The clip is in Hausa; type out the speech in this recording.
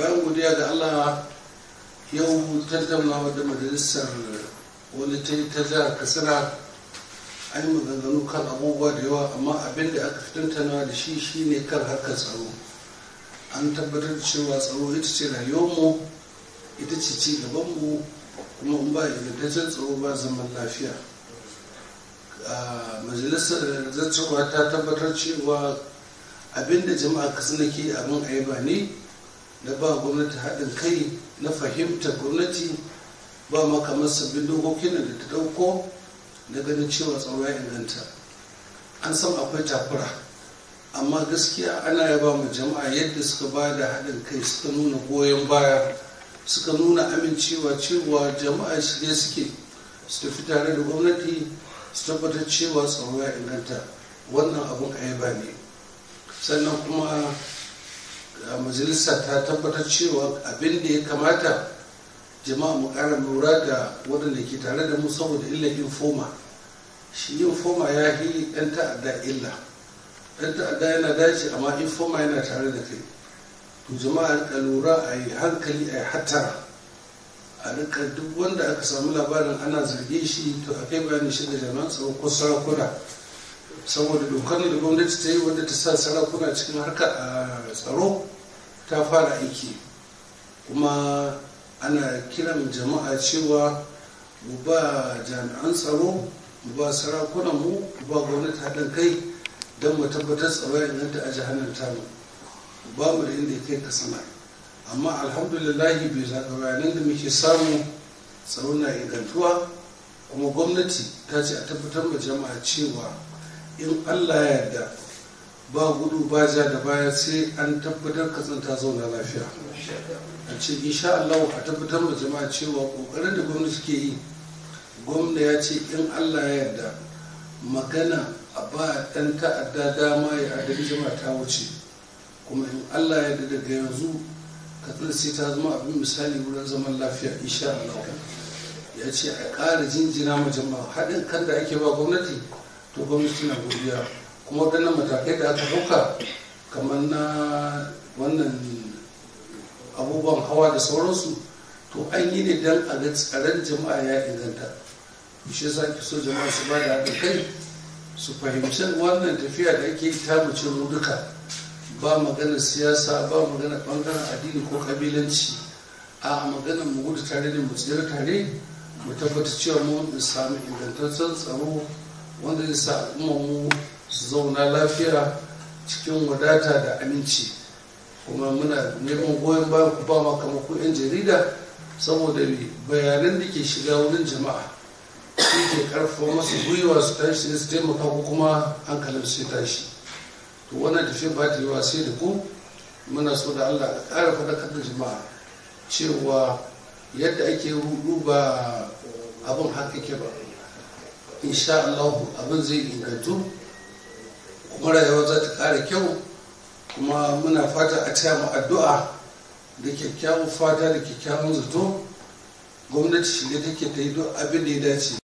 bayan godiya da allah yau tattaunawa da majalisar wani ta yi ta jihar kasara an yi maganganu kan abubuwa da yawa amma abin da aka fi tantana da shi shi ne kan harkar tsaro an tabbatar da cewa tsaro ita ce rayuwarmu ita ce ci gabanmu kuma in ba ingantaccen tsaro ba zaman lafiya majalisar zartarwa ta tabbatar cewa abin da jama'a katsina ke abin ba ne na ba gwamnati haɗin kai na fahimtar gwamnati ba makamar kamar sabbin dokokin da ta dauko na ganin cewa tsaro ya inganta an san akwai takura amma gaskiya ana yaba mu jama'a yadda suka ba da haɗin kai suka nuna goyon baya suka nuna amincewa cewa jama'a shirye suke su tafi tare da gwamnati su tabbatar cewa tsaro ya inganta wannan abun ba ne sannan kuma majalisa ta tabbatar cewa abin da ya kamata jama'a mu kara lura da waɗanda ke tare da mu saboda illa infoma shi infoma ya yi ɗan ta'adda illa ɗan ta'adda yana dace amma infoma yana tare da kai to jama'a ka lura a yi hankali a yi hattara a rika duk wanda aka samu labarin ana zarge shi to a kai bayanin shi da jama'a tsaro ko sarakuna saboda dokar da gwamnati ta yi wadda ta sa sarakuna cikin harka a tsaro ta fara aiki kuma ana kiran jama'a cewa mu ba jami'an tsaro mu ba sarakunan mu ba gwamnati haɗin kai don mu tabbatar tsaro ya inganta a jihannan tamu ba mu da inda kai ka sama amma alhamdulillahi bai zaɓa bayanan da muke samu tsaro na ingantuwa kuma gwamnati ta ce a tabbatar ma jama'a cewa in allah ya yarda ba gudu ba ja da baya sai an tabbatar ka ta zauna lafiya a ce insha allahu a tabbatar da jama'a cewa kokarin da gwamnati ke yi gwamna ya ce in allah ya yarda magana a ba ɗan ta'adda dama ya adadin jama'a ta wuce kuma in allah ya yarda daga yanzu katsina sai ta zama abin misali wurin zaman lafiya insha allah ya ce a ƙara jinjina ma jama'a haɗin kan da ake ba gwamnati to gwamnati na godiya kuma waɗannan matakai da aka ɗauka kamar na wannan abubuwan hawa da sauransu to an yi ne don a ga tsaron jama'a ya inganta shi yasa ki so jama'a su ba da haɗin kai su fahimci wannan tafiya da ake ta mace duka ba magana siyasa ba magana bangaren addini ko kabilanci a magana mu gudu tare da mu tsira tare mu tabbata cewa mu samu ingantaccen tsaro wanda zai sa mu su zauna lafiya cikin wadata da aminci kuma muna neman goyon bayan ku ba makamako 'yan jarida saboda bayanan da ke shiga wurin jama'a shi ke karfafa masu gwiwa su tashi su taimaka ko kuma hankalin su tashi to wannan tafi ba ta yi wa sai da ku muna so da allah a ƙara fadakar da jama'a cewa yadda ake hudu ba abin haka ke ba insha Allah abin zai ingantu kuma rayuwa za ta ƙara kyau kuma muna fata a taya mu addu'a da kyakkyawan fata da kyakkyawan zato gwamnati shirye take ta yi duk abin da ya dace